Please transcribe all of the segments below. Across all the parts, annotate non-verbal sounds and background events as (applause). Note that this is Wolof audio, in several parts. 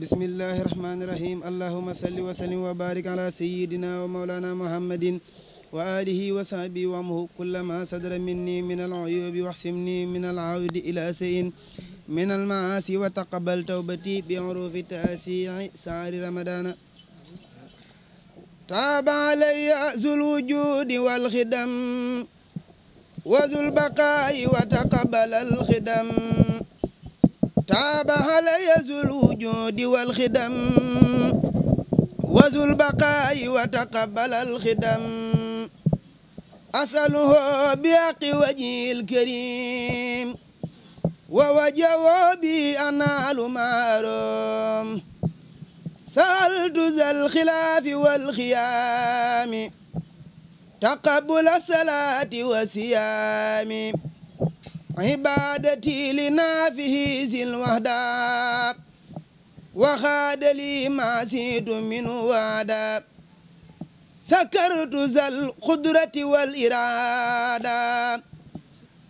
بسم الله الرحمن الرحيم اللهم صل وسلم وبارك على سيدنا ومولانا محمد وآله وصحبه وامه كل ما صدر مني من العيوب واحسمني من العود إلى سيء من المعاصي وتقبل توبتي بعروف تأسيع سعر رمضان تاب علي ذو الوجود والخدم وذو البقاء وتقبل الخدم تعاب علي ذو الوجود والخدم وذو البقاء وتقبل الخدم أسأله بحق وجهه الكريم ووجهه بي أنال سألت ذا الخلاف والخيام تقبل الصلاة وسيامي عبادتي لنا لنافهز الوحدة وخاد لي ما زيد من وعدا سكرت ذا القدرة والإرادة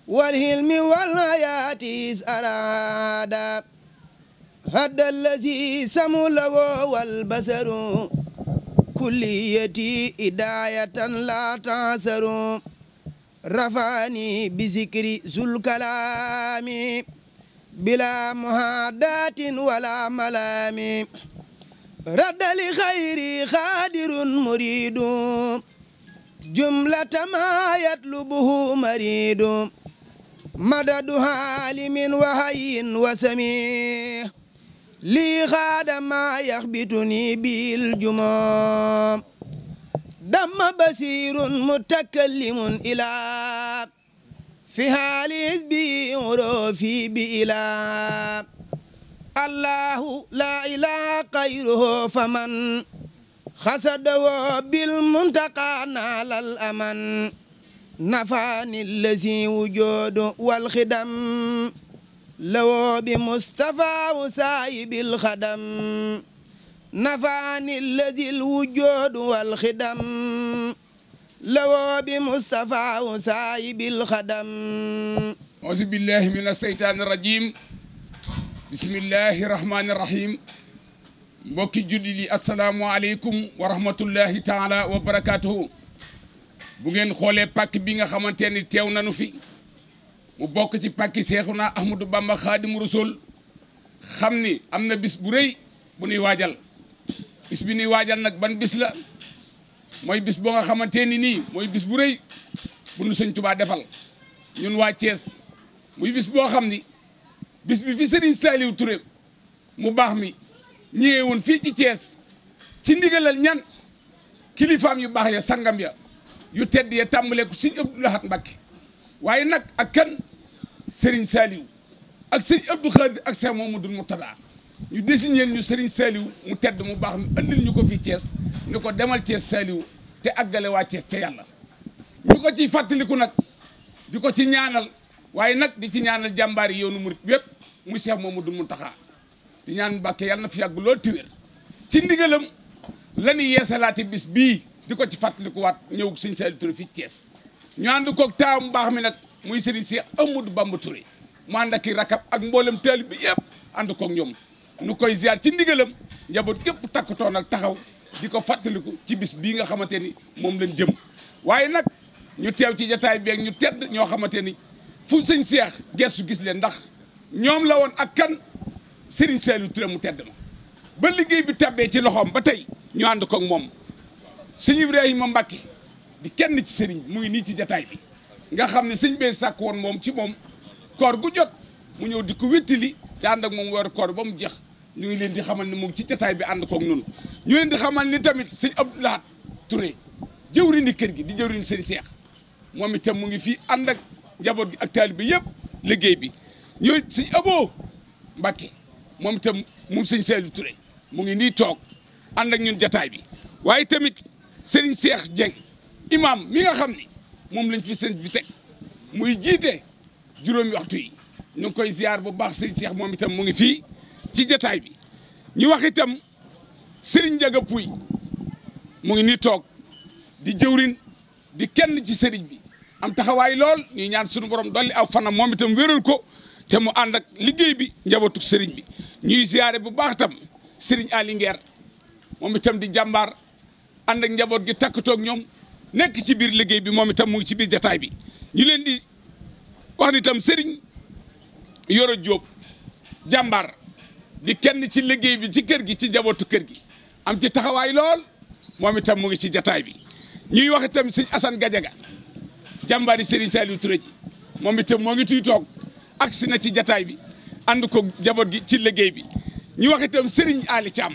والهلم والآيات إذ أرادا الذي سمو له والبصر كليتي إداية لا تعسر رفعني بذكر ذو الكلام بلا مهادات ولا ملام رد لخيري خادر مريد جملة ما يطلبه مريد مدد عالم وحي وسميع لي خادم ما يخبتني بالجمام دم بصير متكلم إلى في لحزبه عروفي بإلى الله لا إله غيره فمن خسده بالمنتقى نال الأمن نفاني الذي وجود والخدم لو بمصطفى وسايب الخدم نفعني الذي الوجود والخدم لو بمصطفى وسايب الخدم أعوذ بالله من الشيطان الرجيم بسم الله الرحمن الرحيم مبوك جدي السلام عليكم ورحمة الله تعالى وبركاته بغن خولي باك بيغا خمانتيني تيونا نوفي مبوك تي باك سيخنا أحمد بامبا خادم رسول خمني أمنا بس بري بني واجل bis bi nuy waajal nag ban bis la mooy bis boo nga xamante ni nii mooy bis bu rëy bu nu sëñ defal ñun waa Thiès muy bis boo xam ni bis bi fi Serigne Saliou Touré mu baax mi ñëwee woon fii ci Thiès ci ndigalal ñan kilifaam yu baax ya sangam ya yu tedd ya tàmbalee ko sëñ Abdou Lahad Mbacké waaye nag ak kan Serigne Saliou ak sëñ Abdou Khadir ak Cheikh Mamadou Mourtada ñu désigné ñu Serigne Saliou mu tedd mu baax mi andil ñu ko fii cees ni ko demal Thiès Saliou te ak waa Thiès ca yàlla ñu ko ci fàttaliku nag di ko ci ñaanal waaye nag di ci ñaanal jàmbaar yi yoonu murit yépp muy Cheikh mu Mountakha di ñaan Mbàkke yàlla na fi yàgg lool tiwér ci ndigalam la ñu yeesalaati bis bii di ko ci fàttalikuwaat ñëw Serigne Saliou Touré fii Thiès ñu ànd koog taamu baax mi nag muy Serigne Cheikh Amadou Bamba Touré mu ànd ak i rakab ak mboolem taalibe bi yëpp ànd koog ñoom nu koy ziar ci ndigalam njaboot képp takkutoo nag taxaw di ko fàttaliku ci bis bii nga xamante ni moom lañ jëm waaye nag ñu teew ci jataay bi ak ñu tedd ñoo xamante ni fu sëñ seex gestu gis leen ndax ñoom la woon ak kan Serigne Saliou Touré tedd ma ba liggéey bi tabbee ci loxoom ba tey ñu ànd ko ak moom sëñ Ibrahima Mbacke di kenn ci Serigne mu ngi nii ci jataay bi nga xam ne sëñ bee sàkk woon moom ci moom koor gu jot mu ñëw di ko wéttali di ak moom weeru koor ba mu jeex ñu ngi leen di xamal ni moom ci jataay bi ànd koog noonu ñu leen di xamal ni tamit sëñ Abdou Lahad Touré di kër gi di jëwriñu seen Cheikh moom itam mu ngi fii ànd ak njaboot gi ak taalibe bi yëpp liggéey bi ñooy sëñ Abo Mbacke moom itam moom sëñ Saliou Touré mu ngi nii toog ànd ak ñun jataay bi waaye tamit sëriñ Cheikh Dieng imam mi nga xam ni moom lañ fi sëñ bi teg muy jiite juróomi waxtu yi ñu ngi koy ziar bu baax sëriñ Cheikh moom itam mu ngi fii ci jataay bi ñu waxitam sëriñ Serigne Ndiaga Pouy mu ngi nii toog di jëwrin di kenn ci sëriñ bi am taxawaay lool ñuy ñaan suñu borom dolli aw fanam moom itam wéral ko te mu ànd ak liggéey bi njabootu sëriñ bi ñuy ziyaare bu baax tam Serigne Aly Nguer moom itam di jàmbaar ànd njaboot gi takkatoog ñoom nekk ci biir liggéey bi moom itam mu ngi ci biir jataay bi ñi leen di wax sëriñ itam Serigne Yoro di kenn ci liggéey bi ci kër gi ci jabootu kër gi am ci taxawaay lool moom itam mu ngi ci jataay bi ñuy wax itam sëñ Assane Gadiaga jàmbaari Serigne Saliou Touré ji moom itam moo ngi tuy toog ak si na ci jataay bi ànd ko jaboot gi ci liggéey bi ñu wax itam Serigne Ali Thiam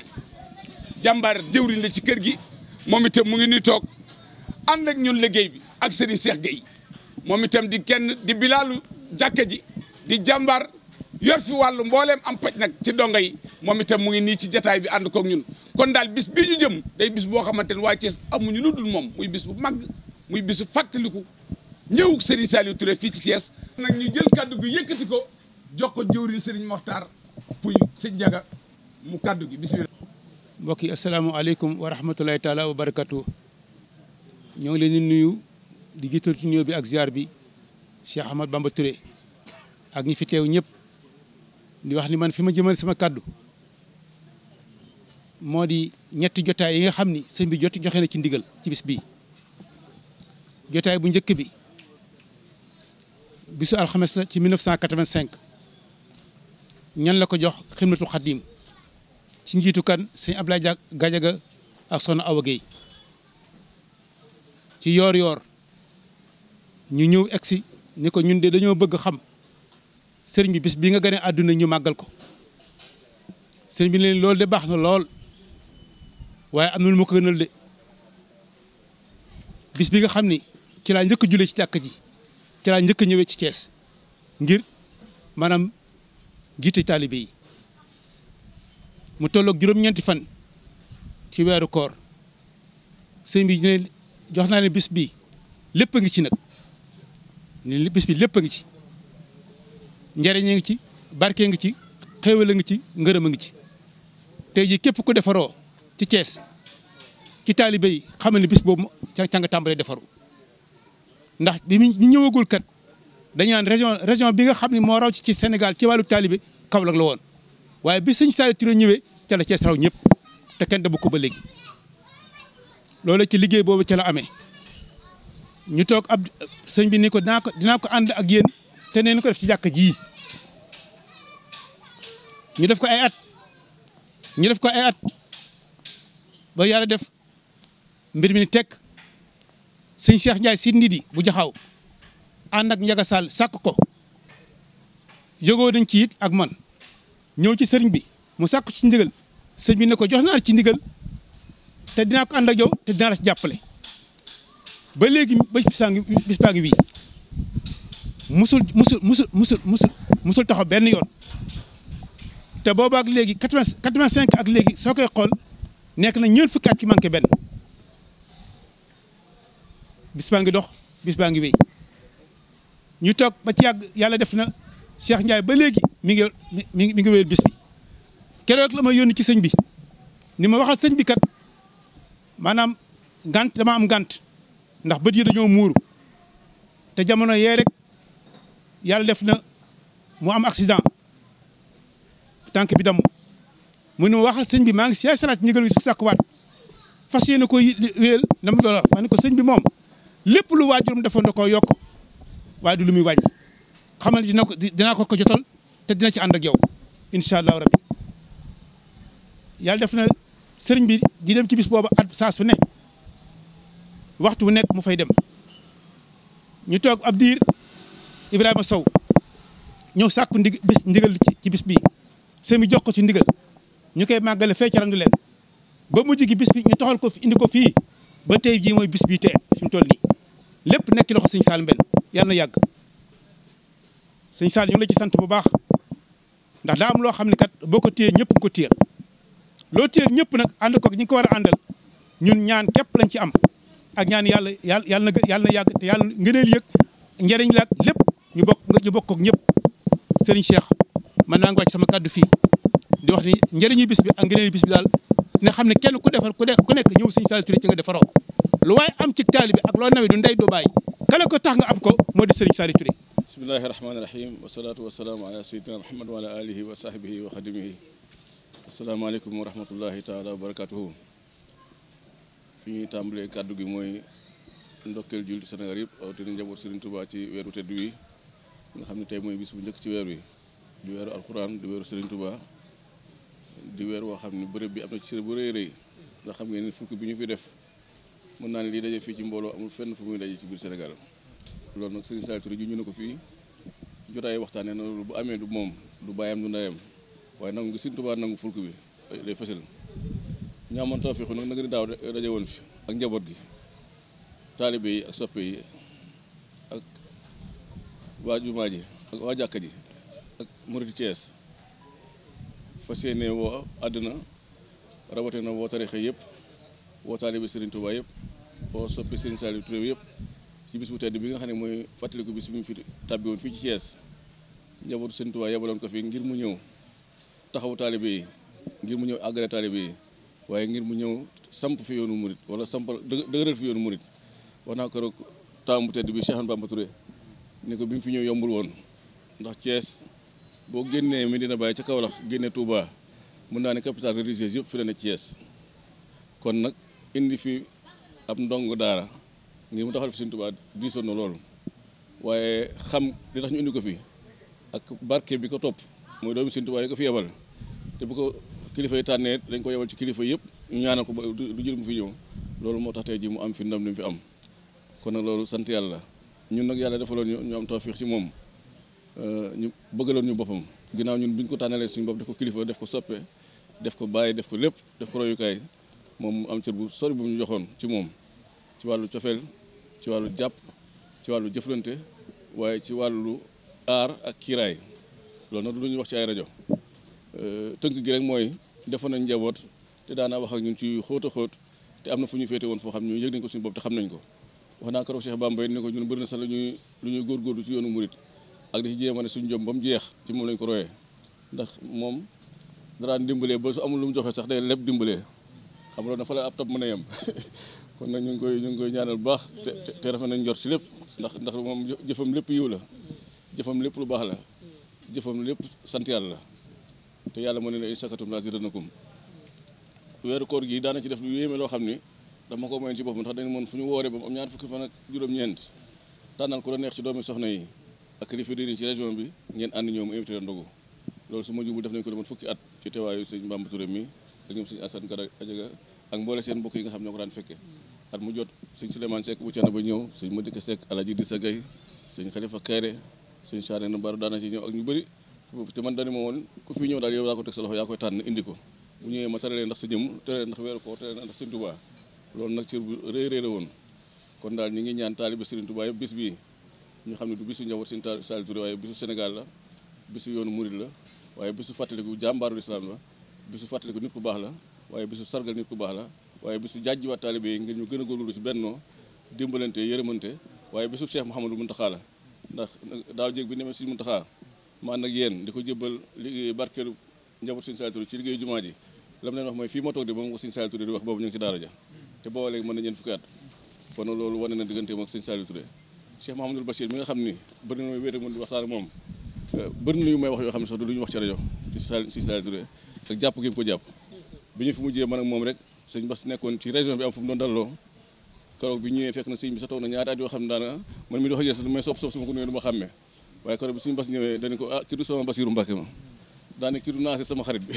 jàmbaar jëwriñ la ci kër gi moom itam mu ngi nuy toog ànd ak ñun liggéey bi ak Serigne Cheikh Gueye moom itam di kenn di bilaalu jàkka ji di jàmbaar yor fi wàllu mbooleem am paj nag ci donga yi moom itam mu ngi nii ci jataay bi ànd kook ñun kon daal bis bii ñu jëm day bis boo xamante ne waa Thiès amuñu lu dul moom muy bis bu mag muy bisu fàttaliku ñëw Serigne Saliou Touré fii ci Thiès. nag ñu jël kaddu gi yëkkati ko jox ko jëwriñ Serigne Mokhtar puy sëñ Ndiaga mu kaddu gi bis mbokk yi asalaamaaleykum wa rahmatulahi taala wa barakatu ñoo ngi leen di nuyu di jiital ci nuyoo bi ak ziar bi Cheikh Ahmad Bamba Touré ak ñi fi ñëpp. di wax ni man fi ma jëmal sama kàddu moo di ñetti jotaay yi nga xam ni bi joti joxe na ci ndigal ci bis bi jotaay bu njëkk bi bisu alxames la ci 1985 ñan la ko jox xidmatu xadim ci njiitu kan sëñ jak Gajaga ak Soxna Awa Guèye ci yoor yoor ñu ñëw egsi ni ko ñun de dañoo bëgg xam sëriñ bi bis bi nga gane àdduna ñu màggal ko sëriñ bi leen loolu de baax na lool waaye am na lu ma ko gënal de bis bi nga xam ni ci laa njëkk a ci jàkk ji ci laa njëkk a ñëwee ci cees ngir maanaam jiite taalibe yi mu tolloog juróom-ñeenti fan ci weeru koor sëñ bi jox naa ne bis bi lépp a ngi ci nag ne bis bi lépp a ngi ci njariñee ngi ci barkee ngi ci xéewal a ngi ci ngërëm a ngi ci tey jii képp ku defaroo ci cees ki taalibe yi xamal ne bis boobu ca nga tàmbalee defaru ndax bi ñu ñëwagul kat dañaan naan région région bi nga xam ne moo raw ci senegal ci wàllu taalibe Kaolack la woon waaye bi sëñ Saliou Touré ñëwee cala la Thiès raw ñëpp te kenn dabu ko ba léegi loolu ci liggéey boobu ca la amee ñu toog ab sëñ bi ni ko dinaa ko dinaa ko ànd ak yéen te neen ko def ci jàkk ji ñu def ko ay at ñu def ko ay at ba yàlla def mbir mi ni teg sëñ Cheikh Ndiaye si nit bu jaxaw ànd ak Ndiaga Sall sàkk ko yëgoo dañ ciit ak man ñëw ci sëriñ bi mu sakk ci ndigal sëñ bi ne ko jox naa ci ndigal te dinaa ko ànd ak yow te dinaa la ci jàppale ba léegi bis baa ngi ngi wii musul musul musul musul musul musul taxo ben yoon te bobu ak legui 85 ak legui sokay xol nek na ñeul fukki at ci manqué benn bis baa dox bis baa wey ñu tok ba ci yag yalla def na Cheikh ndjay ba legui mi ngi mi ngi mi bis bi keroog ak lama yoni ci señ bi ni ma waxa señ bi kat manam gant dama am gant ndax bët yi dañoo muuru te jamono ye rek yàlla def na mu am accident tànk bi damm mu ne ma waxal sëñ bi maa ngi si yaay saraat ndigal wi waat fas yéene ko wéel na mu doon ma ne ko sëñ bi moom lépp lu waajurum defoon da ko yokk waaye du lu muy wàññi xamal dina ko dinaa ko ko jotal te dina ci ànd ak yow incha allahu rabbi yàlla def na sëriñ bi di dem ci bis boobu at saa su ne waxtu wu nekk mu fay dem ñu toog ab diir Ibrahima Sow ñëw sàkku ndig bis ndigal ci bis bii sëñ bi jox ko ci ndigal ñu koy màggale fee ca randu leen ba mujj gi bis bi ñu toxal ko fi indi ko fii ba tey jii mooy bis bi te fi mu toll nii lépp nekk loxo siñ Sall Mbène yàlla na yàgg sëñ Sall ñu ngi ci sant bu baax ndax daa am loo xam ne kat boo ko téyee ñëpp nga ko loo téyal ñëpp nag ànd ko ñi nga ko war a àndal ñun ñaan képp lañ ci am ak ñaan yàlla yàlla yàlla na yàlla yàgg te yàlla ngëneel yëg njëriñ la lépp ñu bokk ñu bokk ak ñëpp Serigne Cheikh man naa ngi wàcc sama kàddu fii di wax ni njëriñu bis bi ak ngëneelu bis daal dina xam ne kenn ku defar ku nekk ñëw Serigne Saliou Touré ci nga defaroo lu waaye am ci taalibe ak loo nawe du ndey du bàyyi kala ko tax nga am ko moo di Serigne Saliou Touré bismillahi rahmaani rahim wasalaatu wasalaamu ala sayyidina muhammad wa ala alihi wa sahbihi wa xadimihi asalaamaaleykum wa rahmatullahi fi ñuy tàmbalee kàddu gi mooy ndokkeel jullit Sénégal yëpp awte ni njaboot Serigne Touba ci weeru tedd wi nga xam ne tey mooy bis bu njëkk ci weer wi di weeru alxuraan di weeru Serigne Touba di weer woo xam ne bërëb bi am na ci cër bu rëy rëy nga xam ngeen ne fukki bi ñu fi def mën naa ne lii daje fii ci mbooloo amul fenn fu muy daje ci biir Sénégal loolu nag Serigne Saliou Touré ju ñu ne ko fii jotaay waxtaanee na loolu bu amee du moom du bàyyam du ndayam waaye nangu ngi Serigne Touba nangu fulk bi day fësal ñu amoon tawfeex nag nag daaw daje woon fi ak njaboot gi taalibe yi ak waa jumaa ji ak waa jàkka ji ak murid Thiès fas yéene woo àdduna rawatina woo yëpp woo taalibi Serigne Touba yëpp woo soppi Serigne Saliou Touré yëpp ci bis bu tedd bi nga xam ne mooy fàttaliku bis bi mu fi tàbbi fii ci Thiès njabootu Serigne Touba yabaloon ko fii ngir mu ñëw taxawu taalibe yi ngir mu ñëw àggale taalibe yi waaye ngir mu ñëw samp fi yoonu murit wala sampal dëgëral fi yoonu murit wax naa ko rek taamu tedd bi Cheikh Bamba Touré ne ko bi mu fi ñëw yombul woon ndax cees boo génnee Medina Baye ca Kaolack génne tuuba mën naa ne capitale religieuse yëpp fi la ne Thiès kon nag indi fi ab ndongo daara ngir mu taxal fi Sëriñ diisoon na loolu waaye xam li tax ñu indi ko fi ak barke bi ko topp mooy doomi Sëriñ Touba ko fi yebal te bu ko kilifa yi tànnee dañ ko yebal ci kilifa yëpp ñu ñaanal ko ba du jël mu fi ñëw loolu moo tax tey jii mu am fi ndam lu mu fi am kon nag loolu sant yàlla ñun nag yàlla defaloon ñu ñu am tawfiix ci moom euh, ñu bëggaloon ñu boppam ginnaaw ñun bi ñu ko tànnalee suñu bopp def ko kilifa def ko soppe def ko bàyyi def ko lépp def ko royukaay moom am cër bu sori bu ñu joxoon ci moom ci wàllu cofeel ci wàllu jàpp ci wàllu jëflante waaye ci wàllu aar ak kiiraay loolu nag lu ñuy wax ci ay rajo euh, tënk gi rek mooy defoon nañ njaboot te daanaa wax ak ñun ci xóot a xóot te am na fu ñu féete woon foo xam ñu yëg ko suñu bopp te xam nañ ko wax naa keroog Cheikh Bamba ne ko ñun bëri na sax lu ñuy lu ñuy góorgóorlu ci yoonu murit ak di ci ma ne suñu jom ba mu jeex ci moom lañ ko royee ndax moom daraan dimbalee ba su amul lu mu joxe sax day leb dimbalee xam loolu dafa la mën a yem (laughs) kon nag ñu ngi koy ñu ngi koy ñaanal bu baax te te rafet nañ si lépp ndax ndax moom jëfam lépp yiw la jëfam lépp lu baax la jëfam lépp sant yàlla la te yàlla moo ne ne ay laa si rënakum weeru koor gi daana ci def lu yéeme loo xam ni dama ko mayoon ci boppam ndax dañu mën fu ñu wooree ba am ñaar fukki fan ak juróom-ñeent tànnal ku la neex ci doomi soxna yi ak kilifa diine ci région bi ngeen ànd ñoom invité la loolu su ma jubul def nañu fukki at ci teewaayu sëñ Mbamba Touré ak mboole seen mbokk yi nga xam ñoo ko daan fekke at mu jot sëñ Souleymane Seck bu cana ba ñëw sëñ Madika Seck Alaji Disa Gay sëñ Khalifa Kéré sëñ Chane na Mbaru daana ci ñëw ak ñu bëri te man dani ma woon ku fi ñëw daal yow yaa ko teg sa loxo yaa koy tànn indi ko bu ñëwee loolu nag ci bu rëy rëy la woon kon daal ñu ngi ñaan taalibe Serigne Touba yëpp bis bi ñu xam ne du bisu njaboot Serigne Tall Saliou Touré waaye bisu Sénégal la bisu yoonu murid la waaye bisu fàttaliku jàmbaaru islam la bisu fàttaliku nit ku baax la waaye bisu sargal nit ku baax la waaye bisu jàjjiwaat taalibe yi ngir ñu gën a góorgóorlu ci bennoo dimbalante yërëmante waaye bisu Cheikh Mouhamadou Mountakha la ndax daaw jéeg bi nemee Serigne Mountakha maa nag yéen di ko jébbal liggéey barkeelu njaboot Serigne Saliou Touré ci liggéeyu jumaa ji lam leen wax mooy fii ma toog de moom ñu ngi ci ja te booba léegi mën na ñeen fukki at kon loolu wane na digganteem ak sëñ Saliou Touré Cheikh Mouhamadoul Bachir mi nga xam ni bëri moom euh, bëri na yu may ne sax du lu ñu wax ci rajo ci sëñ Saliou Touré ak jàpp gi moom rek sëñ Bass nekkoon ci région bi am fu mu dalloo keroog bi ñëwee fekk na sëñ bi sa toog na ñaari at yoo xam ne daana man mi di wax ak yéen sax may sopp sopp su ma ko nuyee du ma ah, sama Basiru Mbàkke xarit bi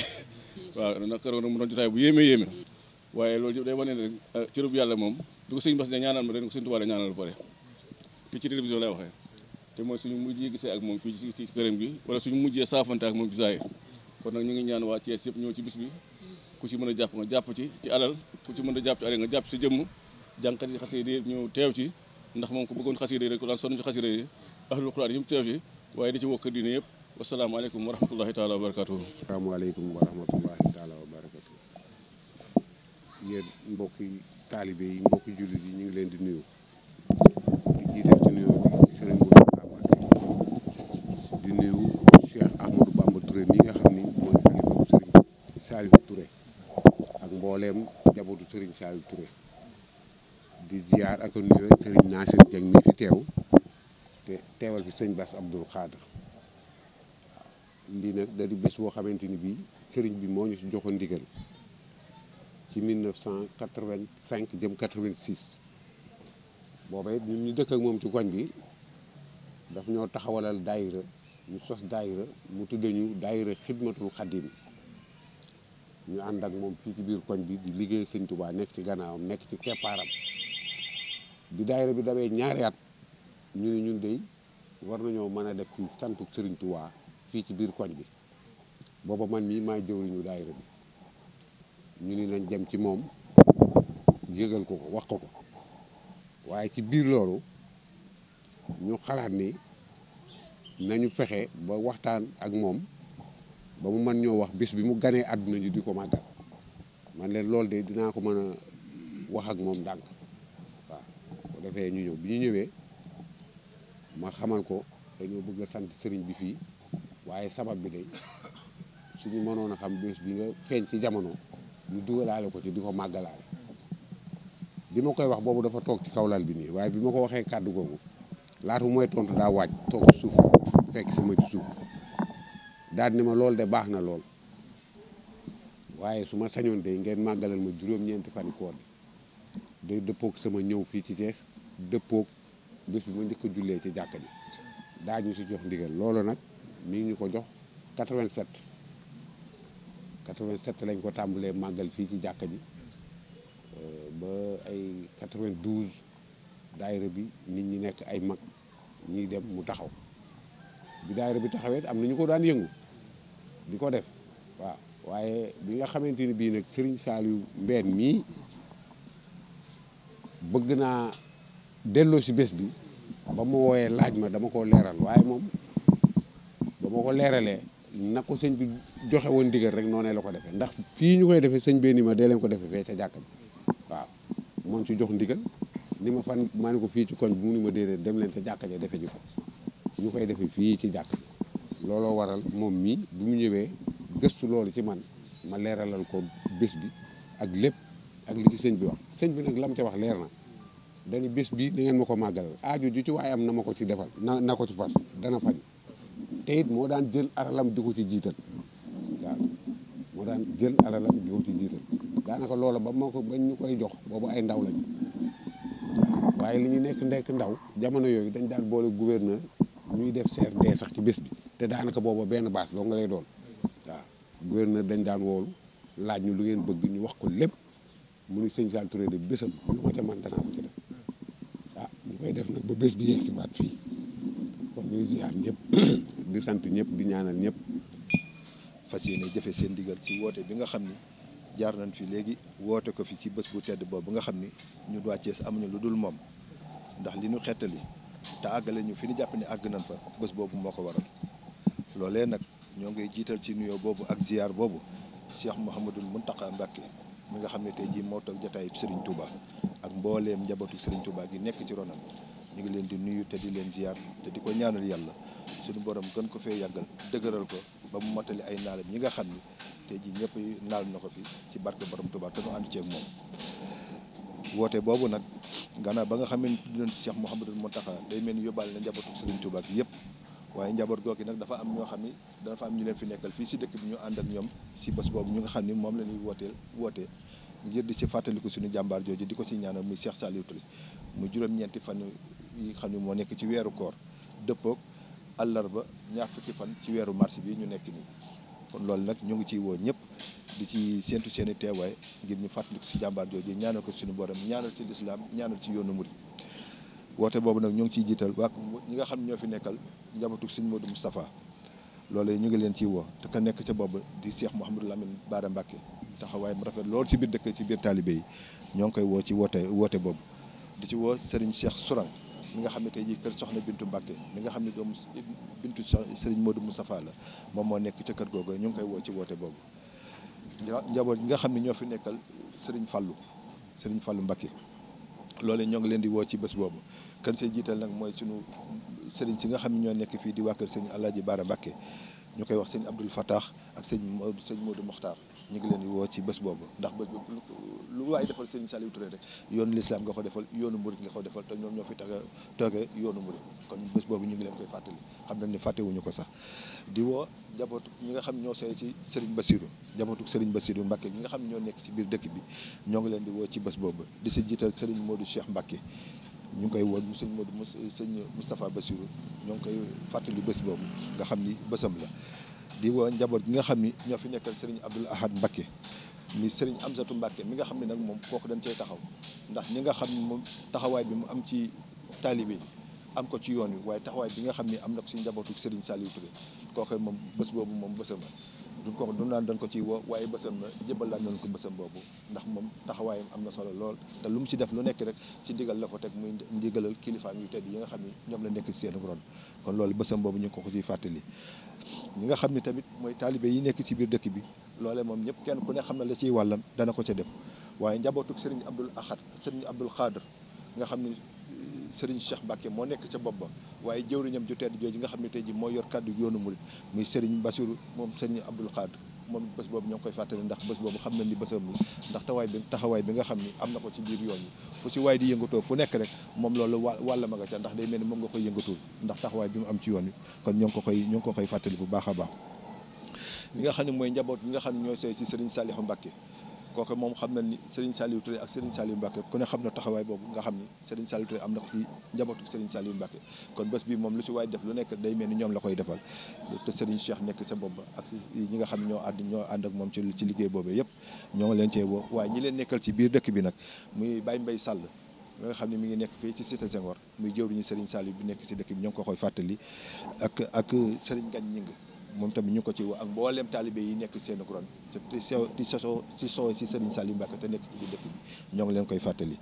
(laughs) waaw nag keroog nag mu doon jotaay bu yéeme yéeme waaye loolu yëpp day wane ne rek euh, cërub yàlla moom du ko sëñ bas ne ñaanal ma ren ko sëñ Tuubaa ñaanal ba pare li ci télévision lay waxee te mooy suñu mujjee gisee ak moom fii ci këram gi wala suñu mujjee saafante ak moom ci zaahir kon nag ñu ngi ñaan waa Thiès yëpp ñëw ci bis bi ku ci mën a jàpp nga jàpp ci alal ku ci mën a jàpp ci alal nga jàpp ci jëmm jànkat yi xasida yi ñëw teew ci ndax moom ko bëggoon xasida yi rek ko daan sonn ci xasida yi ahlul yëpp teew ci waaye da ci wokk diine yëpp wasalaamaaleykum wa rahmatullahi taala wa barakatuhu yéen mbokki taalibe yi mbokki jullit yi ñu ngi leen di nuyu di jiital ci nuyu bi sëriñ Mountakha nuyu Cheikh Ahmadou Bamba nga xam ni mooy xalifa mbooleem njabootu sëriñ Saliou Touré di ziar ak a nuyoo sëriñ Nassir Dieng mi fi xamante ni bii sëriñ bi moo ñu si joxoon ndigal ci 1985 jëm 86 booba it ñun ñu dëkk ak moom ci koñ bi daf ñoo taxawalal daayira ñu sos daayira mu tudde ñu daayira xidmatul xadim ñu ànd ak moom fii ci biir koñ bi di liggéey sëñ Tuubaa nekk ci gannaawam nekk ci keppaaram bi daayira bi dabee ñaari at ñu ne ñun dey war nañoo mën a def ci santu sëriñ Tuubaa fii ci biir koñ bi booba man mii maa jëwriñu daayira bi ñu ni nañ dem ci moom yëgal ko ko wax ko ko waaye ci biir loolu ñu xalaat ni nañu fexe ba waxtaan ak moom ba mu mën ñoo wax bis bi mu ganee àdduna ñu di ko màggal man leen loolu de dinaa ko mën a wax ak moom ndànk waaw bu defee ñu ñëw bu ñu ñëwee ma xamal ko dañoo bëgg a sant sëriñ bi fii waaye sabab bi de suñu mënoon a xam bés bi nga feeñ ci jamono ñu dugalaale ko ci di ko màggalaale bi ma koy wax boobu dafa toog ci kaw bi nii waaye bi ma ko waxee kàddu googu laatu mooy tontu daa waaj toog suuf fekk sama ma ci suuf daal ni ma loolu de baax na lool waaye su ma sañoon de ngeen màggalal ma juróom-ñeenti fan koor bi day dëppoog sama ñëw fii ci Thiès dëppoog bés bi ma njëkk a jullee ci jàkka ji daal ñu si jox ndigal loolu nag mi ñu ko jox 87. 87 lañ ko tàmbalee màggal fii ci jàkka ji euh, ba ay 92 daayira bi nit ñi nekk ay mag ñuy dem mu taxaw bi daayira bi taxawee am na ñu ko daan yëngu di ko def waaw waaye bi nga xamante ni bii nag Serigne Saliou Mbène mii bëgg naa delloo si bés bi ba mu wooyee laaj ma dama ko leeral waaye moom ba ma ko leeralee. na ko sëñ bi joxe woon ndigal rek noonee la ko defee ndax fii ñu koy defee sëñ bee ni ma dee leen ko defee fee ca jàkk bi waaw moom ci jox ndigal ni ma fan maa ni ko fii ci koñ bi mu ni ma déedéet dem leen ca jàkk ja defe ji ko ñu koy defe fii ci jàkk looloo waral moom mii bu mu ñëwee gëstu loolu ci man ma leeralal ko bés bi ak lépp ak li ci sëñ bi wax sëñ bi nag lam ca wax leer na dañu bés bi da ngeen ma ko màggal aaju ju ci waaye am na ma ko ci defal na na ko ci fas dana faj te it moo daan jël alalam di ko ci jiital waaw moo daan jël alalam di ko ci jiital daanaka loola ba moo ko bañ ñu koy jox boobu ay ndaw lañu waaye li ñu nekk ndekk ndaw jamono yooyu dañ daan boole gouverneur ñuy def CRD sax ci bés bi te daanaka booba benn baas doo nga lay doon waaw gouverneur dañ daan woolu laaj ñu lu ngeen bëgg ñu wax ko lépp mu nu sëñ Sall Touré de bésam ñu ko ca man danaa ko ci def ah ñu koy def nag ba bés bi yegg si waat fii ñuy ziar ñëpp di sant ñëpp di ñaanal ñëpp fas yéene jëfe seen digal ci woote bi nga xam ni jaar nañ fi léegi woote ko fi ci bés bu tedd boobu nga xam ni ñun waa Thiès amuñu lu dul moom ndax li ñu xetali te àggale ñu fi ñu jàpp ni àgg nañ fa bës boobu moo ko waral loolee nag ñoo ngi jiital ci nuyoo boobu ak ziar boobu Cheikh mun Mountakha Mbacké mi nga xam ne tey jii moo toog jotaayu Serigne Touba ak mbooleem njabootu Serigne Touba gi nekk ci ronam ñu ngi leen di nuyu te di leen ziar te di ko ñaanal yàlla suñu borom gën ko fee yàggal dëgëral ko ba mu mottali ay naalam yi nga xam ni tey jii ñëpp naal na ko fi ci barke borom Tuubaa te mu ànd ceeg moom. woote boobu nag gannaaw ba nga xam ne dinañ Cheikh Mouhamadul Mountakha day mel ni yóbbaale na njabootu Sëriñ Tuubaa yëpp waaye njaboot googu nag dafa am ñoo xam ni dafa am ñu leen fi nekkal fii si dëkk bi ñu ànd ak ñoom si bés boobu ñu nga xam ni moom la ñuy wooteel woote ngir di si fàttaliku suñu jàmbaar jooju di ko si ñaanal muy Cheikh Saliou Touré mu juróom-ñeenti fan yi nga xam ne moo nekk ci weeru koor dëppoog àllarba ñaar fukki fan ci weeru mars bi ñu nekk kon loolu nag ñu ngi ciy woo ñëpp di ci séentu seen i teewaay ngir ñu fàttaliku si jàmbaar jooju ñaanal ko suñu borom ñaanal ci lislaam ñaanal ci yoonu murid woote boobu nag ñu ngi ciy jiital waa ñi nga xam ne ñoo fi nekkal njabootu sëñ Modou Moustapha loolu ñu ngi leen ciy woo te ka nekk ca boobu di Cheikh Mouhamadou Lamine Bara Mbacké taxawaay mu rafet loolu si biir dëkk ci biir taalibe yi ñoo ngi koy woo ci woote woote boobu di ci woo Serigne Cheikh Sourang mi nga xam ne tey jii kër soxna Bintu Mbacke mi nga xam ne doomu Bintu Serigne Modou Moustapha la moom moo nekk ca kër googu ñu ngi koy woo ci woote boobu njaboot ñi nga xam ne ñoo fi nekkal Serigne Fallou sëriñ Fallou Mbacke loolu ñoo ngi leen di woo ci bés boobu kan say jiital nag mooy suñu Serigne si nga xam ne ñoo nekk fii di waa kër Serigne ji Baara Mbacke ñu koy wax Serigne Abdoul Fattah ak Serigne Modou Serigne Modou Mokhtar ñu ngi leen di woo ci bés boobu ndax bés boobu lu waaye defal Serigne Saliou Touré rek yoonu lislaam nga ko defal yoonu murit nga ko defal te ñoom ñoo fi taga toogee yoonu murit kon bés boobu ñu ngi leen koy fàttali xam nañ ne fàttewuñu ko sax di woo njabootu ñi nga xam ñoo sooy ci Serigne Bassirou njabootu Serigne Bassirou Mbacke ñi nga xam ñoo nekk ci biir dëkk bi ñoo ngi leen di ci bés boobu di si jiital Serigne Modou Cheikh Mbacke ñu ngi koy woo mu sëñ Modou mu sëñ Moustapha Bassirou ñoo ngi koy fàttali bés boobu nga xam ni bésam la di woo njaboot gi nga xam ni ñoo fi nekkal Serigne Abdoul Ahad Mbacké mi Serigne Amsatou Mbacké mi nga xam ne nag moom kooku dañ cey taxaw ndax ñi nga xam ne moom taxawaay bi mu am ci taalibe yi am ko ci yoon wi waaye taxawaay bi nga xam ne am na si njabootu Serigne Saliou Touré kooku moom bés boobu moom bésam la ko du dañ ko ciy woo waaye bésam la jëbal laan nañ ko bésam boobu ndax moom taxawaayam am na solo lool te lu mu ci def lu nekk rek si ndigal la ko teg muy ndigalal kilifaam yu tedd yi nga xam ne ñoom la nekk si seen ron kon loolu bésam boobu ñu ngi ko ko ciy fàttali ñi nga xam ni tamit mooy taalibe yi nekk ci biir dëkk bi loole moom ñëpp kenn ku ne xam na la ciy wàllam dana ko ca def waaye njabootuk sëriñ Abdul Ahad sëriñ Abdul Xaadir nga xam ni euh, sëriñ Cheikh Mbacke moo nekk ca bopp ba waaye jëwriñam ju tedd jooju nga xam ne tey ji moo yor kàddu yoonu murit muy sëriñ Basiru moom sëriñ Abdul Xaadir moom bés boobu ñoo koy fàttali ndax bés boobu xam na ni bésam la ndax tawaay bi taxawaay bi nga xam ni am na ko ci biir yoon yi fu ci waay di yëngatoo fu nekk rek moom loolu wa wàlla ma nga ca ndax day mel ni moom nga koy yëngatul ndax taxawaay bi mu am ci yoon yi kon ñoo ngi ko koy ñoo ko koy fàttali bu baax a baax li nga xam ne mooy njaboot bi nga xam ne ñooy sey ci Serigne Saliou Mbacké kooku moom xam na ni Serigne Saliou Touré ak Serigne Saliou Mbacke ku ne xam na taxawaay boobu nga xam ni Serigne Saliou Touré am na ko ci njabootu Serigne Saliou Mbacke kon bés bi moom lu ci waay def lu nekk day mel ni ñoom la koy defal te Serigne Cheikh nekk sa bopp ak ñi nga xam ñoo ànd ñoo ànd ak moom ci ci liggéey boobee yëpp ñoo ngi leen cee woo waaye ñi leen nekkal ci biir dëkk bi nag muy Baye Mbaye Sall mi nga xam ne mi ngi nekk fii ci Cité Senghor muy jëwriñu Serigne Saliou bu nekk ci dëkk bi ñoo ngi ko koy fàttali ak ak Serigne Ngagne moom tamit ñu ko ci wax ak mboolem taalibe yi nekk seen ron di so di sosoo si soo si Serigne Saliou Mbacké te nekk ci biir dëkk bi ñoo ngi leen koy fàttali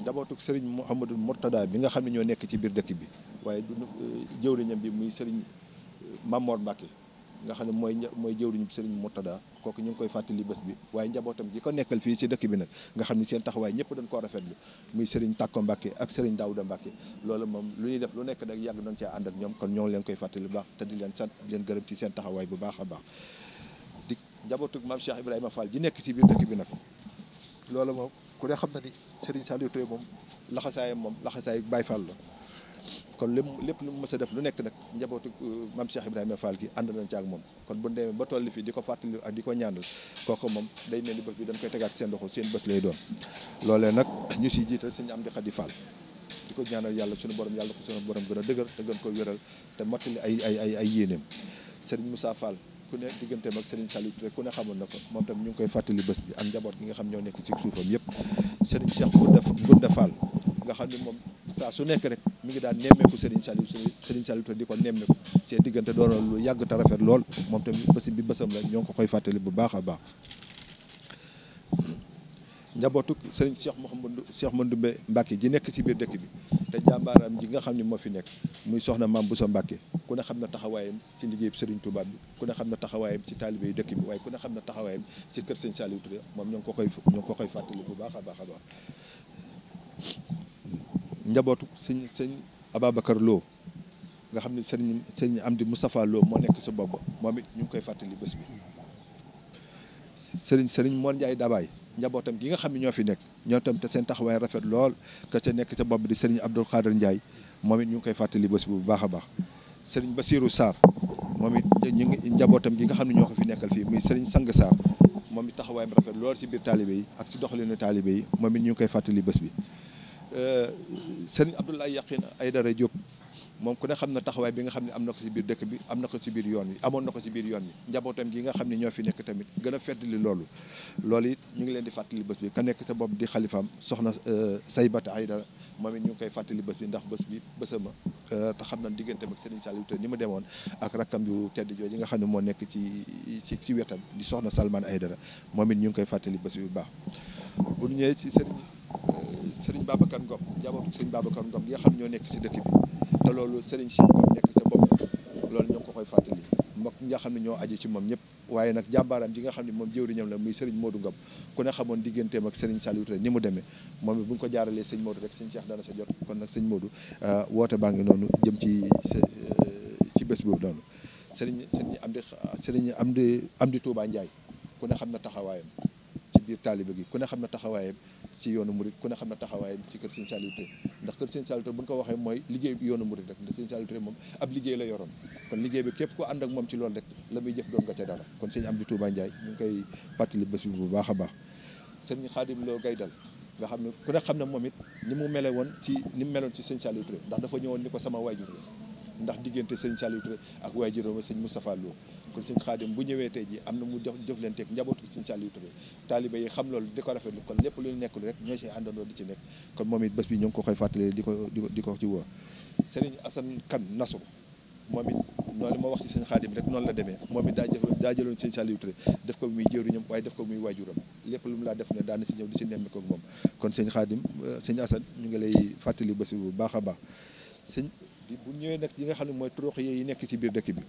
njabootuk Serigne Mouhamadou Mourtada bi nga xam ne ñoo nekk ci biir dëkk bi waaye du jëwriñam bi muy Serigne Mamor Mbacké nga xam ne mooy mooy jëwriñu Serigne Moutada kooku ñu ngi koy fàttali bés bi waaye njabootam gi ko nekkal fii si dëkk bi nag nga xam ne seen taxawaay ñëpp dañ koo rafetlu muy Serigne Takko Mbacke ak Serigne Daouda Mbacke loolu moom lu ñuy def lu nekk nag yàgg nañ cee ànd ak kon ñoo leen koy fàttali bu baax te di leen sant di gërëm ci seen taxawaay bu baax a baax di njabootu maam Cheikh Ibrahima Fall ji nekk ci biir dëkk bi nag loolu moom ku dee xam na ni Serigne Saliou Touré moom laxasaayam moom laxasaay Baye Fall la kon lépp lépp lu mu mës a def lu nekk nag njabootu euh, maam Cheikh Ibrahima Fall gi ànd nañ ci ak moom kon bu demee ba toll fii di ko fàttali ak di ko ñaanal kooku moom day mel ni bés bi dañ koy tegaat seen seen bés lay doon loolee nag ñu siy jiital sëñ Amdi Xadi Fall di ko ñaanal yàlla suñu borom yàlla ko suñu borom gën a dëgër te gën ko wéral te mottali ay ay ay ay yéeneem ku ne digganteem ak Serigne Saliou ku ne xamoon na ko moom tam ñu ngi koy fàttali bés bi am njaboot gi nga xam ñoo nekk ci suufam yëpp Serigne Cheikh Gounda Gounda Fall nga xam ni moom saa su nekk rek mi ngi daan nemmeeku Serigne Saliou Serigne Saliou te di ko nemmeeku seen diggante doon lu yàgg te rafet lool moom tamit bési bi bésam la ñoo ko koy fàttali bu baax a baax. njabootuk Serigne Cheikh Mouhamadou Cheikh Mandoumbe Mbacke ji nekk ci biir dëkk bi te jàmbaaraam ji nga xam ne moo fi nekk muy soxna maam Bousso Mbacke ku ne xam na taxawaayam ci liggéeyub Serigne Touba bi ku ne xam na taxawaayam ci taalibe dëkk bi waaye ku ne xam na taxawaayam ci kër Serigne moom ñoo ngi ko koy ñoo ngi ko koy fàttali bu baax a baax a baax. njabootu sëñ sëñ Ababacar Lo nga xam ne sëñ sëñ Amdi Moustapha Lo moo nekk sa bopp moom it ñu ngi koy fàttali bés bi sëriñ sëriñ Mor Ndiaye Dabaay njabootam gi nga xam ne ñoo fi nekk ñoo tam te seen rafet lool ka ca nekk ca bopp di sëriñ Abdoul Khader Ndiaye moom it ñu ngi koy fàttali bés bi bu baax a baax sëriñ Basirou Sarr moom it ñu ngi njabootam gi nga xam ne ñoo ko fi nekkal fii muy sëriñ Sang Sarr moom it taxawaayam rafet lool si biir taalibe yi ak si doxalinu taalibe yi moom it ñu ngi koy fàttali bés bi Euh, sëriñ Abdoulaye Yakhine Aidara Diop moom ku ne xam na taxawaay bi nga xam ne am na ko si biir dëkk bi am na ko ci biir yoon wi amoon na ko ci biir yoon wi njabootam gi nga xam ne ñoo fi nekk tamit gën a feddali loolu lool it ñu ngi leen di fàttali bés bi ka nekk sa bopp di xalifaam soxna euh, Saybata Aidara moom it ñu koy fàttali bés bi ndax bés bi bésama euh, te xam na digganteem ak seen Saliou te ni mu demoon ak rakkam yu tedd jooju nga xam ne moo nekk ci ci ci wetam di soxna Salman Aidara moom it ñu ngi koy fàttali bés bi bu baax bu ñëwee ci sëriñ baabakan Ngom njabootu sëriñ Babacar Ngom gi xam ñoo nekk si dëkk bi te loolu sëriñ Cheikh sa bopp loolu ñoo ko koy fàttali mbokk ñi xam ne ñoo aju ci moom ñëpp waaye nag jàmbaaram ji nga xam ne moom jëwriñam la muy sëriñ Modou Ngom ku ne xamoon digganteem ak sëriñ Saliou Touré ni mu demee moom it bu ko jaaralee sëñ Modou rek sëñ Cheikh dana sa jot kon nag sëñ Modou euh, woote baa ngi noonu jëm ci euh, ci bés boobu noonu sëriñ sëriñ Amdi sëriñ Amdi Amdi Touba Ndiaye ku ne xam na taxawaayam ci biir taalibe gi ku ne xam na taxawaayam si yoonu murit ku ne xam ne taxawaay si kër Serigne Saliou Touré ndax kër Serigne Saliou bu ñu ko waxee mooy liggéey bi yoonu murit rek ndax Serigne Saliou moom ab liggéey la yoroon kon liggéey bi képp ko ànd ak moom ci loolu rek la muy jëf doon nga ca dara kon Serigne Amdi Touba Ndiaye ñu ngi koy fàttali bés bi bu baax a baax Serigne Khadim Lo Gaydal nga xam ne ku ne xam ne moom it ni mu mele woon si ni mu meloon si Serigne Saliou ndax dafa ñëwoon ni ko sama waajur la ndax diggante Serigne Saliou Touré ak waajuram Serigne Moustapha Lo kon sëñ xaadim bu ñëwee tey ji am na mu jëflanteeg njabootu sëñ Saliou Touré taalibe yi xam loolu di ko rafetlu kon lépp lu ñu nekkul rek ñoo see àndandoo di ci nekk kon moom it bi ñu ngi ko koy fàttali ko di ko ko ci woo Kan Nasru moom it noonu ma wax ci sëñ xaadim rek noonu la demee moom it daa jëf daa jëloon sëñ Saliou Touré def ko muy jëwriñam waaye muy waajuram lépp lu mu laa def ne daan si ñëw di ci nemmi ko moom kon sëñ xaadim sëñ Assane ñu ngi lay fàttali bés bi bu baax a baax sëñ bu ñëwee nekk yi nga xam ne mooy trox yi nekk ci biir dëkk bi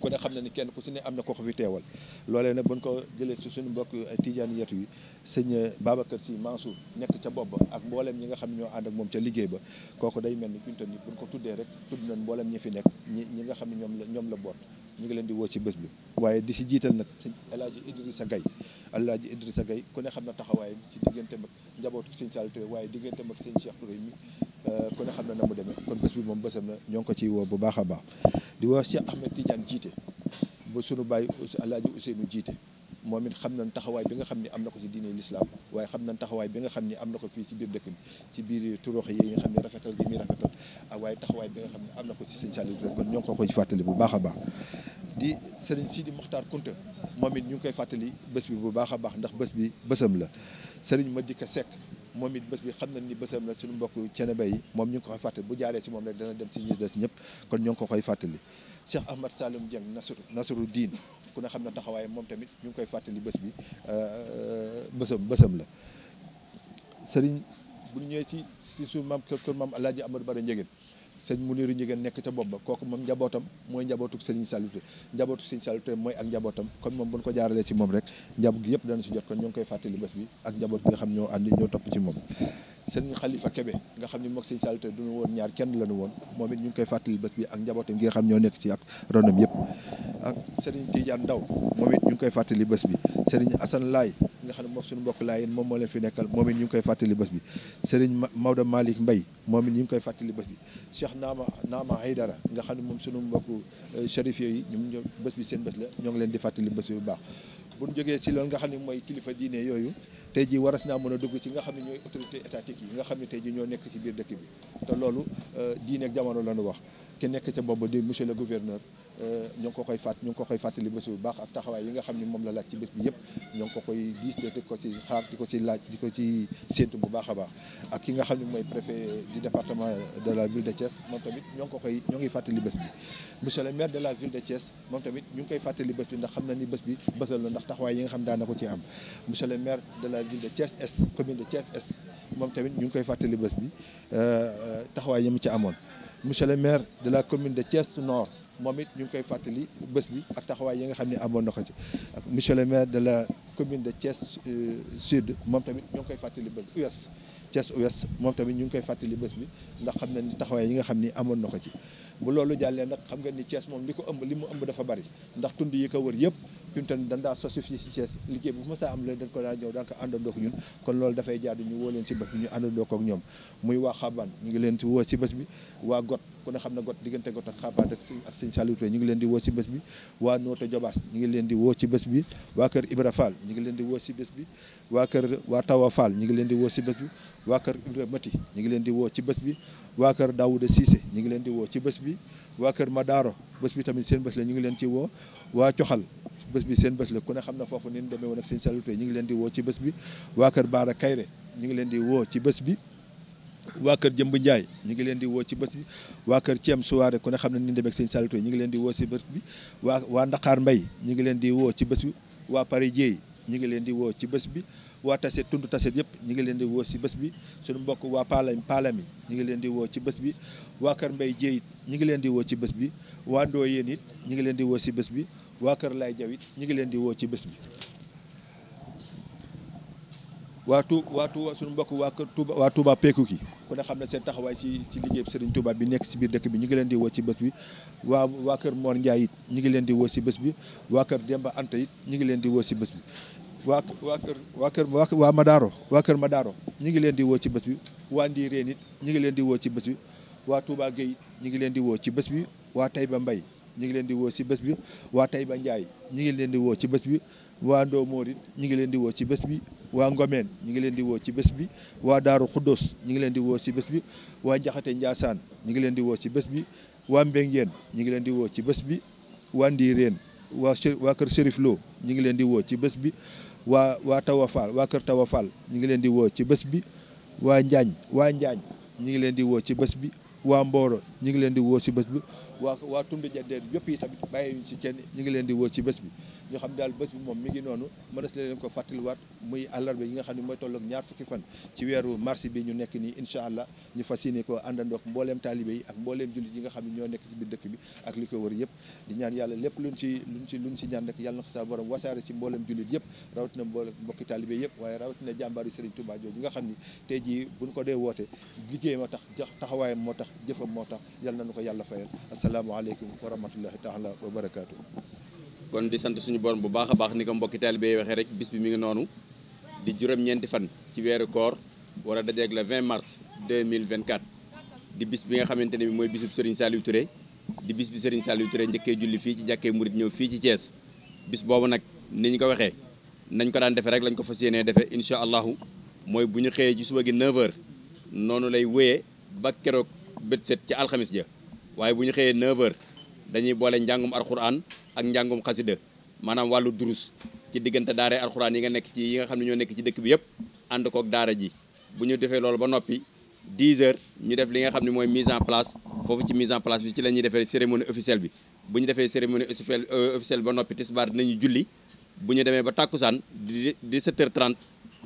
ku ne xam na ni kenn ku si ne am na ko fi teewal loolee nag buñ ko jëlee si suñu mbokk ay tijaani yetu yi sëñ Babacar Sy Mansour nekk ca bopp ba ak mbooleem ñi nga xam ñoo ànd moom ca liggéey ba kooku day mel ni fi ñu ko tuddee rek tudd nañ mbooleem fi nekk ñi nga xam ne ñoom la ñoom la boot ñu ngi leen di woo ci bés bi waaye di si jiital nag sëñ El Hadj sa gay El Hadj Idrissa Gaye ku ne xam na taxawaay ci diggante ak njabootu sëñ Saliou Touré waaye digganteem ak sëñ Cheikh Touré mi Euh, kon ne xam na na mu demee kon bés bi moom bésam na ñoo ko ciy woo bu baax a baax di woo Cheikh Ahmed Tidiane jiite ba sunu bàyyi Alaaji Ousseynou jiite moom it xam nañ taxawaay bi nga xam ni am na ko ci diine lislaam waaye xam nañ taxawaay nga xam ni am na ko fii ci biir dëkk bi ci biir turoox yi nga xam ne rafetal gi muy rafetal ak waaye taxawaay am na ko ci sëñ Saliou Touré kon ñoo ngi ko koy fàttali bu baax a baax di sëriñ Sidi Mokhtar Kounta moom it ñu ngi koy fàttali bés bi bu baax a baax ndax bés bi bësam la ma dikk Seck moom it bés bi xam na ni bésam la suñu mbokk Ceneba yi moom ñu ngi ko fàttali bu jaaree ci moom rek dana dem ci ñi des ñëpp kon ñu ngi ko koy fàttali Cheikh Ahmad Saloum Dieng Nasru Nasru Diin ku ne xam ne taxawaay moom tamit ñu ngi koy fàttali bés bi euh, bésam bésam la sëriñ bu ñëwee ci su suñu maam kër maam El Hadj Amadou Bara Ndiéguène sëñ Muniru Njigéen nekk ca bopp ba kooku moom njabootam mooy njabootuk sëriñ Saluté njabootu sëriñ Saluté mooy ak njabootam kon moom buñ ko jaaralee ci moom rek njaboot gi yëpp dana ñoo koy fàttali bés bi ak njaboot gi nga xam ñoo àndi ñoo topp ci moom Xalifa Kebe nga xam ne mook sëriñ Saluté duñu woon ñaar kenn lañu woon moom it ñu ngi koy fàttali bés bi ak njabootam gi nga xam ñoo nekk ci ak ronam yëpp ak sëriñ Tidiane Ndaw moom it ñu ngi koy fàttali bés bi sëriñ Asan Laay nga xam ne moom suñu mbokk laa moom moo leen fi nekkal moom it ñu ngi koy fàttali bés bi Serigne Maodo Malick Mbaye moom it koy fàttali bés bi Cheikh Naama Naama Haydara nga xam ne moom suñu mbokku euh, chérif yi ñoom bés bi seen bés la ñoo ngi leen di fàttali bés bi bu baax bu ñu jógee si loolu nga xam ne mooy kilifa diine yooyu tey jii waras naa mën a dugg ci nga xam ne ñooy autorité étatique yi nga xam ne tey jii ñoo nekk ci biir dëkk bi te loolu euh, diine ak jamono la ñu wax ki nek ci bobu di monsieur le gouverneur ñoo ngi ko koy fat ñong ko koy fàttali bés bu baax ak taxaway yi nga xamni mom la lacc ci bëss bi yëpp ñong ko koy gis te ko ci xaar diko ci lacc diko ci sentu bu baaxa baax ak ki nga xamni moy préfet du département de la ville de Thiès mom tamit ñong ko koy ñoo ngi fàttali bëss bi monsieur le maire de la ville de Thiès mom tamit ñu ngi koy fàttali bëss bi ndax xamna ni bëss bi bëssal la ndax taxaway yi nga xam da na ko ci am monsieur le maire de la ville de Thiès Est commune de Thiès Est mom tamit ñu ngi koy fàttali bëss bi euh taxaway yi mu ci amone monsieur le maire de la commune de Thiès Nord. moom it ñu ngi koy fàttali bés bi ak taxawaay yi nga xam ne amoon na ko ci ak monsieur le maire de la commune de Thiès euh, sud moom tamit ñu koy fàttali bés US Thiès US moom tamit ñu ngi koy fàttali bés bi ndax xam na ni yi nga xam ni amoon na ko ci bu loolu jàllee nag xam nga ni cees moom li ko ëmb li mu ëmb dafa bari ndax tund yi ko wër yëpp fi mu toll nii dañ daa si Thiès liggéey bu ma saa am leen dañ ko daa ñëw daan ko àndandoo ñun kon loolu dafay jaadu ñu woo leen si bés bi ñu àndandoo ak ñoom muy waa Xabaan ñu ngi leen ci woo si bés bi waa Got ku ne xam na got diggante got ak xabaar ak ak sëñ ñu ngi leen di woo si bés bi waa Nooto Jobaas ñu ngi leen di woo ci bés bi waa kër Ibra Fall ñu ngi leen di woo si bés bi waa kër waa Tawa Fall ñu ngi leen di woo si bés waa kër Ibra Mati ñu ngi leen di woo ci bés bi waa kër Daouda Cissé ñu ngi leen di woo ci bés bi waa kër Madaro bés bi tamit seen bës la ñu ngi leen ci woo waa Coxal bés bi seen bés la ku ne xam na foofu ni ñu demee woon ak sëñ Saliou ngi leen di woo ci bés bi waa kër Baara Kayre ñu ngi leen di woo ci bés bi waa kër Jëmb Ndiaye ñu ngi leen di woo ci bés bi waa kër Thiem Souare ku ne xam ne ni demek seen salito ñu ngi leen di woo ci bés bi waa waa Ndakaar Mbay ñu ngi leen di woo ci bés bi waa Paris Dieye ñu ngi leen di woo ci bés bi waa taset tund taset yëpp ñu ngi leen di woo ci bés bi suñu mbokk waa paalam paalami ñu ngi leen di woo ci bës bi waa kër Mbay Dieye it ñu ngi leen di woo ci bés bi waa Ndooyeen it ñu ngi leen di woo ci bés bi waa kër Lay jawit it ñu ngi leen di woo ci bés bi waa tu waa tu suñu mbokk waa kër Touba waa Touba Péku ki ku ne xam ne seen taxawaay ci ci liggéey Serigne Touba bi nekk ci biir dëkk bi ñu ngi leen di wo ci bés bi waa waa kër Mor Ndiaye it ñu ngi leen di wo ci bés bi waa kër Demba Anta it ñu ngi leen di wo ci bés bi waa waa kër waa kër waa Madaro waa kër Madaro ñu ngi leen di wo ci bés bi waa Ndiréen it ñu ngi leen di wo ci bés bi waa Touba Gueye ñu ngi leen di wo ci bés bi waa Taïba Mbaye ñu ngi leen di wo ci bés bi waa Taïba Ndiaye ñu ngi leen di woo ci bés bi waa Ndoo Moor it ngi leen di woo ci bés bi waa Ngomeen ñi ngi leen di woo ci bés bi waa Daaru Xuddos ñi ngi leen di woo ci bés bi waa Njaxate Njaasaan ñi ngi leen di woo ci bés bi waa Mbengeen ñi ngi leen di woo ci bés bi waa Ndiireen waa waa kër Chérif Lo ñi ngi leen di woo ci bés bi waa waa Tawafal waa kër Tawafal ñi ngi leen di woo ci bés bi waa Njaañ waa Njaañ ñi ngi leen di woo ci bés bi waa Mbooro ñi ngi leen di woo ci bés bi waa waa Tund Jandeen yëpp yi tamit bàyyi ñu ci kenn ñi ngi leen di woo ci bés bi ñu xam daal bés bi moom mi ngi noonu mënees na leen ko fàttaliwaat muy àllarba yi nga xam ne mooy tolloog ñaar fukki fan ci weeru mars bi ñu nekk nii incha allah ñu fas yéene ko àndandoog mbooleem taalibe yi ak mbooleem jullit yi nga xam ne ñoo nekk ci biir dëkk bi ak li yëpp di yàlla lépp luñ ci luñ ci luñ ci ñaan rek yàlla na ko sa borom wasaare ci mbooleem jullit yëpp rawatina mboole mbokki taalibe yëpp waaye rawatina jàmbaari Serigne Touba jooju nga xam ni tey jii buñ ko dee woote liggéey a tax taxawaayam moo tax jëfam moo tax na nañu ko yàlla fayal asalaamaaleykum wa rahmatullahi taala wa barakaatu kon di sant suñu borom bu baax a baax ni ko mbokki taalibe waxee rek bis bi mi ngi noonu di juróom-ñeenti fan ci weeru koor war a dajeeg le 20 mars 2024 di bis bi nga xamante ne bi mooy bisub Serigne Saliou Touré di bis bi Serigne Saliou njëkkee julli fii ci jàkkee murit ñëw fii ci Thiès bis boobu nag ni ñu ko waxee nañ ko daan defee rek lañ ko fas yéenee defee incha allahu mooy bu ñu xëyee ci suba gi 9h noonu lay wéyee ba keroog bët set ci alxamis ja waaye bu ñu xëyee 9h dañuy boole njàngum alxuraan ak njàngum xasida maanaam wàllu durus ci diggante daara alxuraan yi nga nekk ci yi nga xam ne ñoo nekk ci dëkk bi yëpp ànd kook daara ji bu ñu defee loolu ba noppi 10 heures ñu def li nga xam ne mooy mise en place foofu ci mise en place bi ci la ñuy defee cérémonie officielle bi bu ñu defee cérémonie officielle euh, ba noppi tisbaar dinañu julli bu ñu demee ba tàkkusaan di 17h30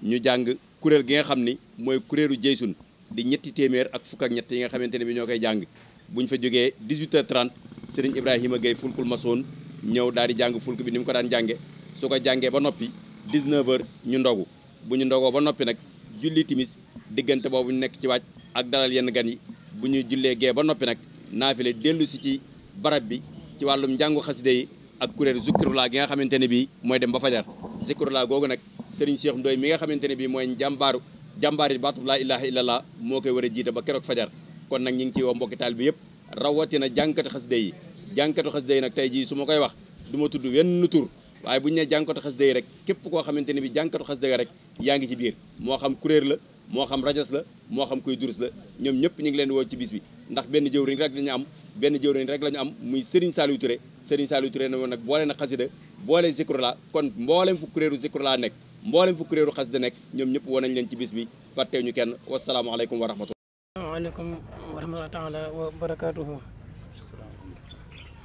ñu jàng kuréel gi nga xam ni mooy kuréelu jeysun di ñetti téeméer ak fukk ak ñett yi nga xamante ne bi ñoo koy jàng bu ñu fa jógee 18h30 Serigne Ibrahima Gueye fulkul masoon ñëw daal di jàng fulk bi ni mu ko daan jànge su ko jàngee ba noppi 19 heures ñu ndogu bu ñu ndogoo ba noppi nag julli timis diggante boobu ñu nekk ci wàcc ak dalal yenn gan yi bu ñu jullee gee ba noppi nag naafile dellu si ci barab bi ci wàllum njàngu xaside yi ak kuréel zikrullah gi nga xamante ne bii mooy dem ba fajar zikrullah googu nag Serigne Cheikh ndoy mi nga xamante ne bii mooy jàmbaaru jàmbaari baatub laa ilaha illallah moo koy war a jiite ba keroog fajar kon nag ñu ngi ciy woo mbokki taal bi yëpp rawatina jànkati xaside yi jànkatu xasida yi nag tey jii su ma koy wax du ma tudd wenn tur waaye bu ñu ne jànkatu xasida yi rek képp koo xamante ne bi jànkatu xasida yi rek yaa ngi ci biir moo xam kuréer la moo xam rajas la moo xam kuy durus la ñoom ñëpp ñu ngi leen woo ci bis bi ndax benn jëwriñ rek la ñu am benn jëwriñ rek la am muy Serigne Saliou Touré Serigne Saliou Touré ne woon nag boole na xasida boole Zikrula kon mboolem fu kuréeru Zikrula nekk mboolem fu kuréeru xasida nekk ñoom ñëpp woo nañ leen ci bis bi fàtteewuñu kenn wasalaamaaleykum wa rahmatullah waaleykum wa rahmatullah taala wa barakaatuhu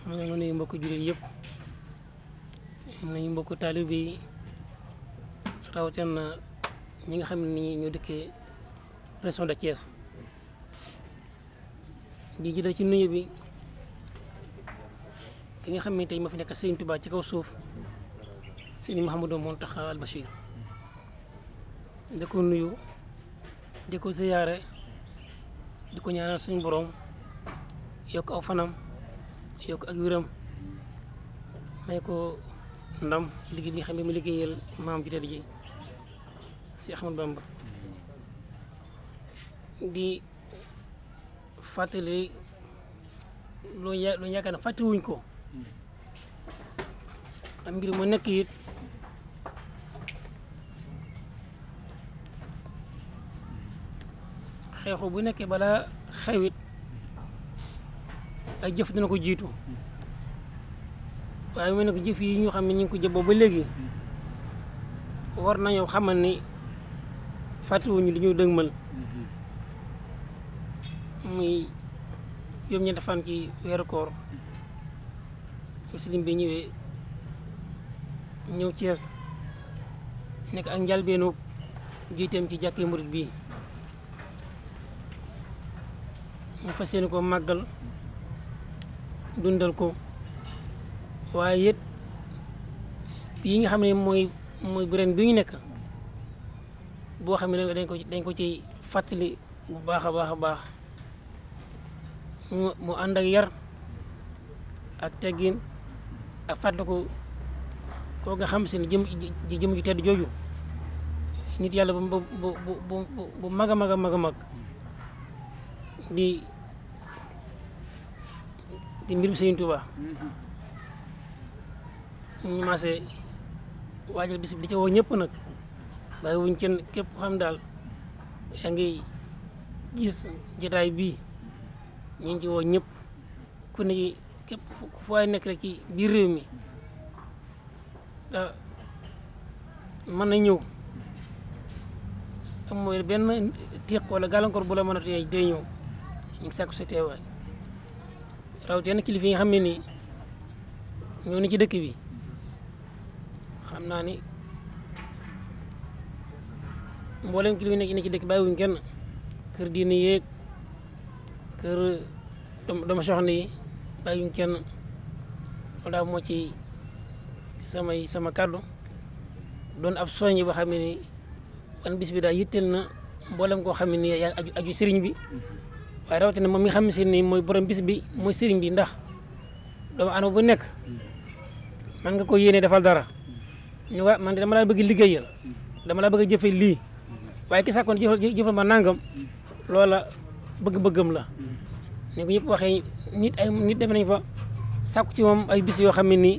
xam nga nuyu mbokku jullit yëpp am nañu mbokku taalib bi rawatina na ñi nga xam ne ni ñu dëkkee région de Thiès di jida ci nuyu bi ki nga xam ne tey ma fi nekk Serigne Touba ci kaw suuf Serigne Mouhamadou Mountakha Al Bachir di ko nuyu di ko ziyaare di ko ñaanal suñu borom yokk aw fanam yokk ak wéram may ko ndam liggéey bi nga xam ne mu liggéeyal maam ju tedd ji si Ahmadu Bamba di fàttali loo ya loo yaakaar ne fàttewuñ ko am mbir mu nekk it xeexu bu nekkee balaa xewit ay jëf dina ko jiitu waaye mu ne ko jëf yi ñu xam ne ñu ngi ko jëboo ba léegi war nañoo xamal ni fàttewuñu li ñu dëgmal muy yom ñetti fan ci weeru koor muslim bi ñëwee ñëw Cees nekk ak njalbeenu jiiteem ci jàkkee murit bii mu fas ko màggal dundal ko waaye it yi nga xam ne mooy mooy bu ren bi ñu nekk boo xam ne dañ ko dañ ko ciy fàttali bu baax a baax a baax mu ànd ak yar ak teggin ak fàttaliku ko nga xam si ni jëm jëm ju tedd jooju nit yàlla bu bu bu bu mag a mag a mag a mag di di mbirum Sëriñ Tuuba ñu mhm. maasee waajal bis bi di ca woo ñëpp nag bàyyi wuñ kenn képp xam daal yaa ngi gis jotaay bii ñu ngi ci woo ñëpp ku ne ci képp fu waay nekk rek biir réew mi mën na ñëw am mooy benn tiiq wala gàllankoor bu la mën a tee day ñëw ñu ngi sàkku sa rawti kilifa kilifi nga xamni ne nii ni ci dëkk bi xamna ni mboolem kilifi nek nekk ci dëkk bàyyiwuñ kenn kër diini yeeg kër dama soxni bay bàyyiwuñ kenn wala mo ci sama sama kaddu don ab soñi bo xamni ban bis bi na mboolem koo ya ne aju bi waye rawatina moom mi xam ci ni moy borom bis bi moy serigne bi ndax do anou bu nek man nga ko yene defal dara ñu wa man dama la bëgg liggéeyal dama la bëgg a li waye waaye ki sàkkoon jëfal ma nangam loola bëgg-bëggam la ni ko ñep waxe nit ay nit dem nañ fa sakku ci mom ay bis yo xamni ne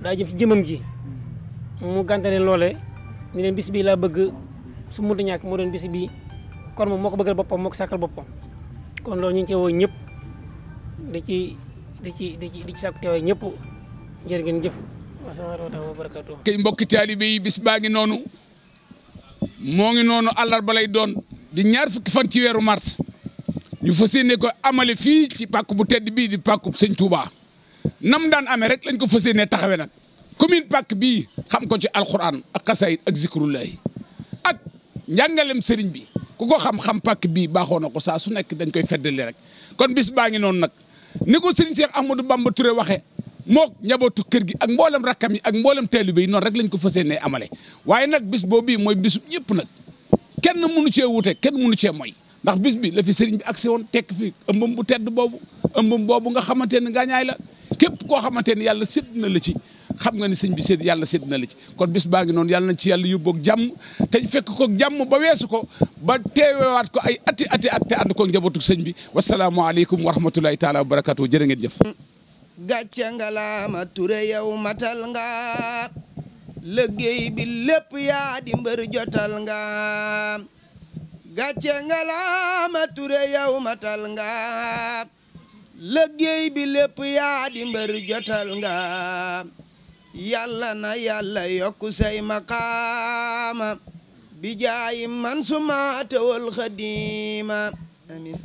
nii jëm ci jëmam ji mu gàntane loole ni len bis bi la bëgg su mënta ñak moo doon bis bi kon moom moko bëggal bopam moko sakal bopam kon lo ñu ci woy ñep di ci di ci di ci di ci sàkku teewaay ñëpp jërë ngeen jëf wa kay mbokki taalibe yi bis baangi nonu mo ngi nonu àllarba balay doon di ñaar fukki fan ci wéru mars ñu fassiyene ko amale fi ci pakku bu tedd bi di pakku sëñ Touba nam daan amé rek lañ ko fassiyene taxawé nak commune pak bi xam ko ci alcorane ak qasayid ak zikrullah ak njàngalem sëriñ bi ku ko xam-xam pàkk bii baaxoo na ko saa su nekk dañ koy feddali rek kon bis baa ngi noonu nag ni ko sëriñ Cheikh Ahmadou Bamba Touré waxee mook njabootu kër gi ak mboolem rakkam yi ak mboolem taalibe yi noonu rek lañ ko fas yéenee amale waaye nag bis boobu mooy bisu ñëpp nag kenn mënu cee wute kenn munu cee mooy ndax bis bi la fi sëriñ bi agsi woon tekk fi ëmbam bu tedd boobu ëmbam boobu nga xamante ne ñaay la képp koo xamante ne yàlla sédd na la ci xam nga ni sëñ bi seet yàlla seet na la ci kon bis baa ngi noonu yàlla nañ ci yàlla yóbboog jàmm fekk ko jàmm ba weesu ko ba teewewaat ko ay ati ati at te ko njabootu sëñ bi wasalaamualeykum wa rahmatulahi taala wa barakatu jërë ngeen jëf gàcce yàlla na yàlla yokku say maqaama bi jaayi man sumaatawal xadiima amin